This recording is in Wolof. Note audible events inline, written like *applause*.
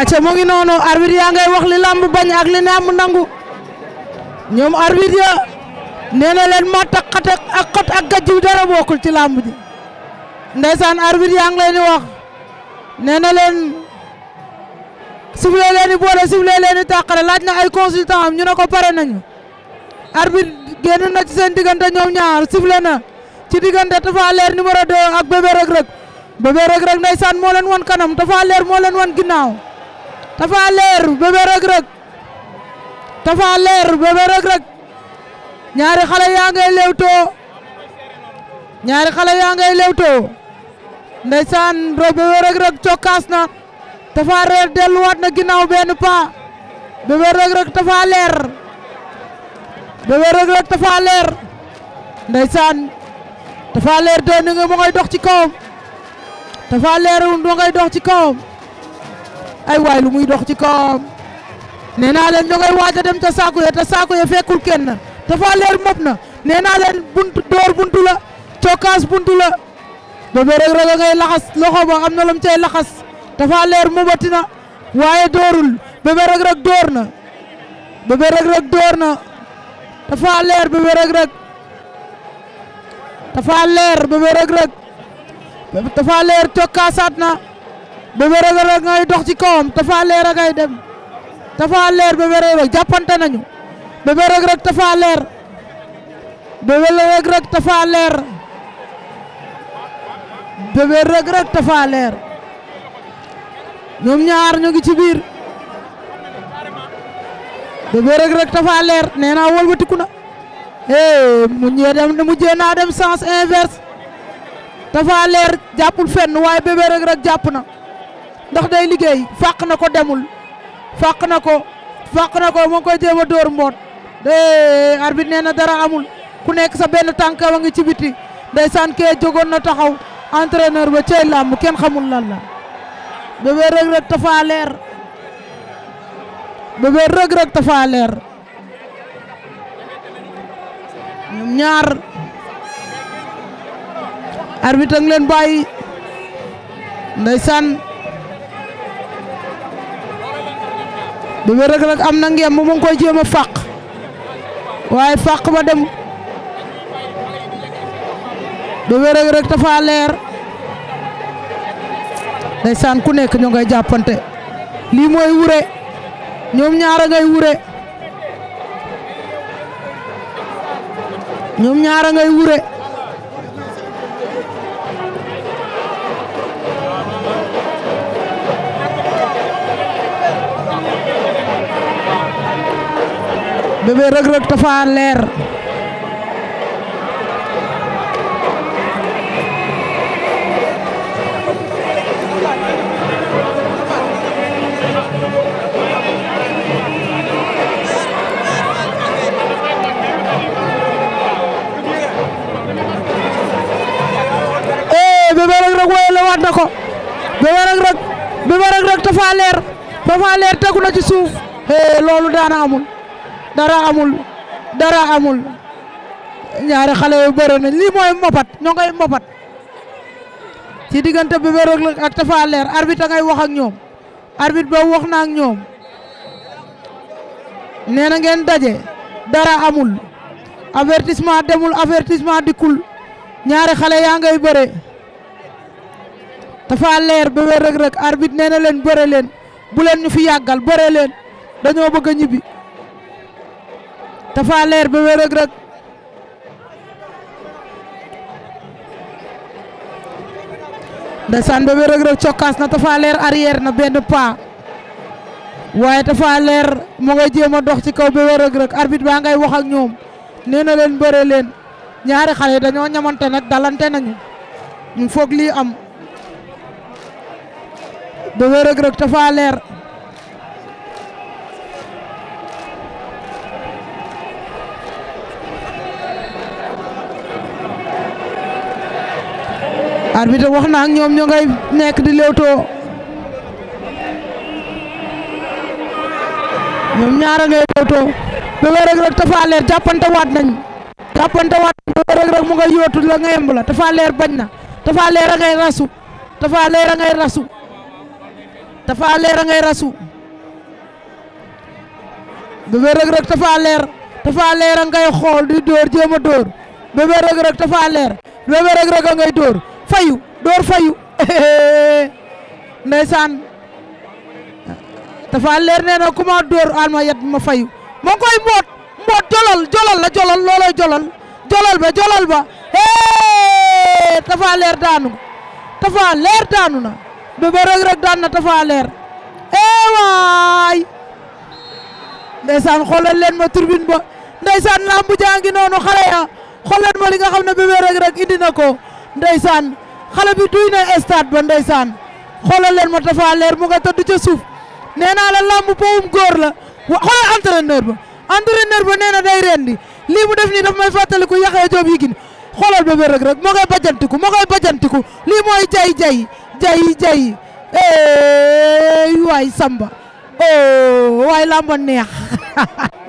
acca mu ngi noonu arbitre yaa ngay wax li làmb bañ ak li làmb nangu ñoom arbitre ya nee leen mat ak xat ak xot dara bokkul ci làmb ji ndeysaan arbitre yaa ngi leen di na leen siflee leen di boole siflee leen di tàqale laaj na ay consultant am ñu ne ko pare nañu arbitre génn na ci seen diggante ñoom ñaar sifle na ci diggante Tapha Leer numéro 2 ak Bébé Reug Reug Bébé Reug Reug ndeysaan moo leen wan kanam Tapha Leer moo leen wan ginnaaw Tapha Leer Bébé Reug Reug Tapha Leer Bébé Reug Reug ñaari xale yaa ngay lewtoo ñaari xale yaa ngay lewtoo ndeysaan Bébé Reug Reug cokkaas na Tapha Leer delluwaat na ginnaaw benn pas Bébé Reug Reug Tapha Leer Bébé Reug Reug Tapha Leer ndeysaan Tapha Leer de ni nga ma ngay ci kawam Tapha Leer mu ngay dox ci kawam ay waay lu muy dox ci kawam nee leen ñoo ngay waaj a dem ca saako ya te saako ya fekkul kenn dafa leer mopp na nee naa leen buntu door buntu la cokkaas buntu la bébé rek rek ngay laxas loxo am na lu mu cay laxas dafa leer mobati na waaye doorul bébé rek rek door na bébé rek rek door na dafa leer bébé rek rek dafa leer bébé rek leer cokkaasaat na Bébé Reug ngay dox ci kawam Tapha Leer a ngay dem Tapha Leer Bébé Reug jàppante nañu Bébé Reug Tapha Leer Bébé Reug Tapha Leer Bébé Reug Leer ñoom ñaar ñu gi ci biir Bébé Reug Tapha Leer nee naa wëlbatiku na eh mu ñëwee dem naa dem sens inverse Tapha Leer jàppul fenn waaye Bébé Reug jàpp na. ndax day liggéey fàq na ko demul fàq na ko fàq na ko moo ngi koy jéem a dóor mboot de arbitre nee dara amul ku nekk sa benn tànk wa ngi ci biti ndeysaan kee jógoon na taxaw entraîneur ba cey làmb kenn xamul na la bébé rëg rëg tafa leer bébé rëg rëg tafa ñaar arbitre a ngi leen bébé rek rek am na ngeen mu ngi koy jéem a fàq waaye fàq ba dem bébé rek rek dafa leer ndeysaan ku nekk ñu ngay jàppante lii mooy wure ñoom ñaara ngay wure ñoom ñaara ngay wure bébé Reug Reug Tapha Leer eh, Bébé Reug Reug wayale waat na ko Bébé Reug Reug Bébé Reug Reug Tapha Leer Tapha Leer tegu na ci suuf hee eh, loolu daana dara amul dara amul ñaari xale yu bëri nañ lii mooy mbapat ñoo ngay mbapat ci diggante Bébé Reug ak Tapha Leer arbit arbitre ngay wax ak ñoom arbitre ba wax na ak ñoom nee na ngeen daje dara amul avertissement demul avertissement dikkul ñaari xale yaa ngay bëre Tapha Leer Bébé Reug Reug arbitre nee na leen bëre leen bu leen ñu fi yàggal bëre leen dañoo bëgg a ñibbi Tapha Leer bébé Reug Reug ndeysaan bébé Reug Reug cokkaas na Tapha Leer arrière na benn pas waaye Tapha Leer mu ngay jéem a dox ci kaw bébé Reug Reug arbitre baa ngay wax ak ñoom nee na leen bëre leen ñaari xale dañoo ñamante nag dalante nañu mu foog li am bébé Reug Reug Tapha Leer arbitre wax na ak ñoom ñoo ngay nekk di léewtoo ñoom ñaara ngay léewtoo bébé rek rek Tapha Leer jàppante waat nañ jàppante waat mu ngay yóotu la nga yemb la Leer bañ na Tapha Leer a ngay rasu Tapha Leer a ngay rasu Tapha Leer a ngay rasu bébé rek rek Tapha Leer Tapha Leer a ngay xool di dóor jéem a dóor bébé rek rek Tapha Leer bébé rek rek a ngay dóor fayu door fayu *laughs* ndeysaan dafa leer nee na ku ma door yet ma fayu moo koy mboot mboot jolol jolol la jolol looloy jolol jolol ba jolol ba hee dafa leer daanu dafa leer daanu na bébé rek rek daan na dafa leer ee waay ndeysaan xoolal leen ma turbine ba ndeysaan lambu jaa ngi noonu xale ya ma li nga xam ne bébé rek rek indi na ko ndeysaan xale bi duy na stade ba ndeysaan xoolal leen ma dafa leer mu ca suuf nee naa la làmb powum góor la wa xoolal ba entraîneur ba nee na day rendi lii mu def nii daf ma fàttaliku Yaxya Joob yi gin xoolal bébé rek rek moo koy bajantiku lii mooy jay jay jay jay eey waay samba oh waay neex *laughs*